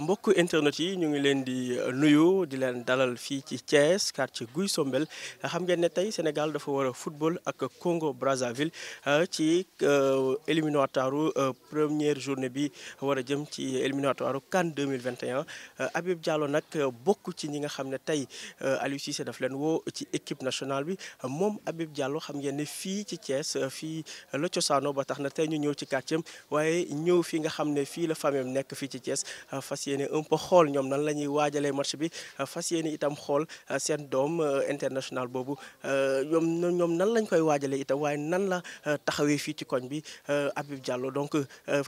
mbokk internet yi ñu ngi leen di euh, nuyu di leen dalal fii ci Thiès quartier Guy Sombel xam ngeen ne tey Sénégal dafa war a football ak Congo Brazzaville euh, ci euh, éliminatoire première journée bi war a jëm ci éliminatoire CAN 2021 Habib Diallo nag bokk ci ñi nga xam ne tey Aliou Cissé daf leen woo ci équipe nationale bi moom abib Diallo xam ngeen ne fii ci cees fii la cosaano ba tax na tey ñu ñëw ci quartier waaye ñëw fi nga xam ne fii la famille nekk fii ci cees yéene un xool ñoom nan la ñuy waajalee match bi euh, fas yéene itam xool euh, seen doom euh, international boobu ñoom ñoom nan lañ koy waajalee itam waaye nan la taxawee fii ci koñ bi Habib Diallo donc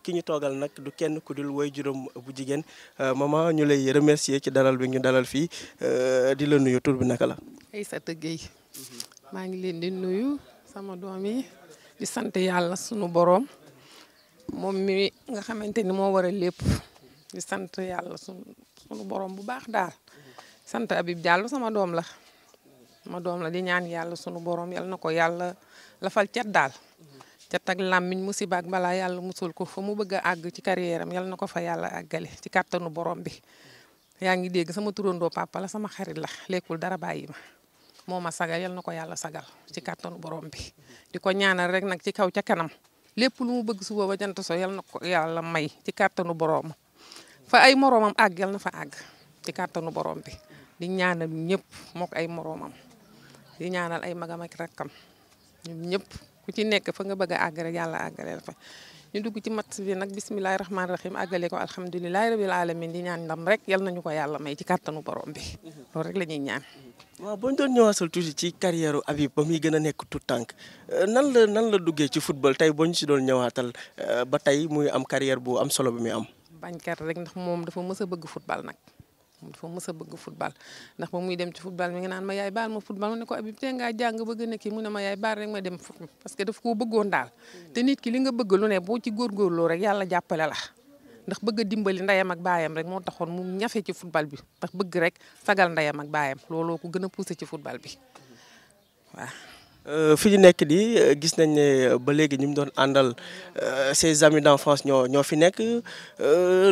ki ñu toogal nag du kenn ku dul woy juróom bu jigéen maman ñu lay remercier ci dalal bi ñu dalal fii di la nuyu tur bi naka la. Aïssata Gueye maa ngi leen di nuyu sama doom yi di sant yàlla sunu boroom moom mi nga xamante ni moo waral lépp. di sant yalla sunu borom bu baax dal sant abib Diallo sama dom la sama dom la di ñaan yalla sunu borom yalla nako yalla la fal cat dal cat ak lamiñ musiba ak bala yalla musul ko fa mu bëgg ag ci carrièream yalla nako fa yalla agalé ci kàttanu borom bi yaangi dégg sama turondo papa la sama xarit la lekul dara bàyyi ma sagal yalla nako yalla sagal ci kàttanu borom bi di ñaanal rek nak ci kaw ci kanam lepp lu mu bëgg suba ba jant so yalla nako yalla may ci borom fa ay moroomam àgg yal na fa àgg ci kàttanu borom bi di ñaanal ñëpp mook ay moroomam di ñaanal ay magam ak rakkam ñoom ñëpp ku ci nekk fa nga bëgg a àgg rek yàlla àggale la fa ñu dugg ci match bi nag bisimilahi rahmaani rahim àggale ko alhamdulilahi rabil alamin di ñaan ndam rek yal nañu ko yàlla may ci kàttanu borom bi loolu rek la ñuy ñaan waaw ba doon ñëwaasal toujours ci carrière abi ba muy gën a nekk tout tànk euh, nan la nan la duggee ci football tey boo ñu si doon ñëwaatal euh, ba tey muy am carrière bu am solo bi muy am bañkat rek ndax moom dafa mës a bëgg football nag dafa mës bëgg football ndax ba muy dem ci football mi nga naan ma yaay baal ma football mu ne ko Habib jàng bëgg na mu ne ma yaay baal rek ma dem parce que daf koo bëggoon daal te nit ki li nga bëgg lu ne boo ci góorgóorloo rek yàlla jàppale la ndax bëgg a dimbali ndeyam ak baayam rek moo taxoon mu ñafe ci football bi ndax bëgg rek sagal ndeyam ak baayam looloo ko gën a poussé ci football bi Euh, fi ñu nekk nii euh, gis nañ ne euh, ba légui ñu mu doon andal ses amis d'enfance ño ño fi nekk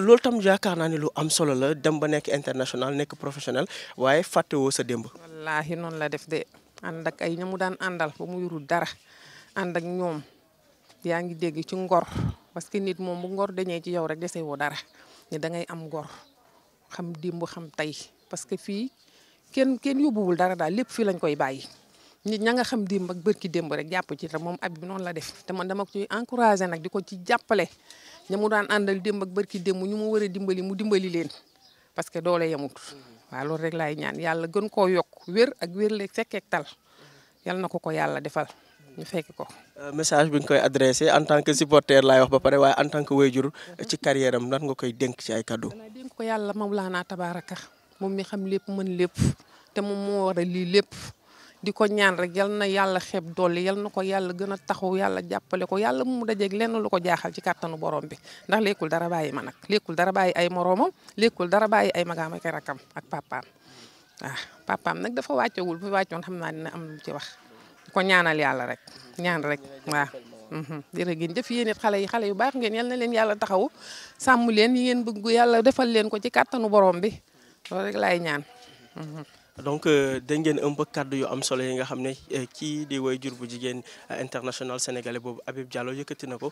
loolu tam yaakaar naa ni lu am solo la dem ba nekk international nekk professionnel waye faté wo sa demb wallahi non la def dé ànd ak ay ñamu daan andal ba mu yuru dara ànd ak ñoom yaa dégg ci ngor parce que nit moom bu ngor dañee ci yow rek déssé wo dara ne da ngay am ngor xam dimbu xam tay parce que fi kenn kenn yobul dara da lépp fi lañ koy bayyi nit ña nga xam démb ak bërki démb rek jàpp ci te moom ab bi noonu la def te man dama ko ciy encouragé nag di ko ci jàppale ña mu daan àndal démb ak bërki démb ñu mu war dimbali mu dimbali leen parce que doole yemut waaw rek laay ñaan yàlla gën koo yokk wér ak wér leeg fekkeek tal yàlla na ko ko yàlla defal ñu fekk ko. Euh, message bi nga koy adressé en tant que supporter laay wax ba pare waaye en tant que wayjur ci carrière am nan nga koy dénk ci ay kaddu. dénk ko yàlla Mawlana Tabaraka moom mi xam lépp mën lépp te moom moo waral lii lépp. di ko ñaan rek yal na yàlla xeeb dolli yal na ko yàlla gën a taxaw yàlla jàppale ko yàlla mu dajeeg lenn lu ko jaaxal ci kàttanu borom bi ndax lekkul dara bàyyi ma nag lekkul dara bàyyi ay moroomam lekkul dara bàyyi ay magaam ak rakam ak papaam waaw papaam nag dafa wàccewul bu wàccoon xam naa dina am lu ci wax ko ñaanal yàlla rek ñaan rek waaw mhm, jërë ngeen jëf yéen xale yi xale yu baax ngeen yal na leen yàlla taxawu sàmmu leen yi ngeen bëgg yàlla defal leen ko ci kàttanu borom bi loolu rek laay ñaan mhm. donc euh, dañ ngeen un peu kàddu yu am solo yi nga xam ne kii euh, di way jur bu jigéen euh, international sénégalais boobu abib Diallo yëkkati na ko.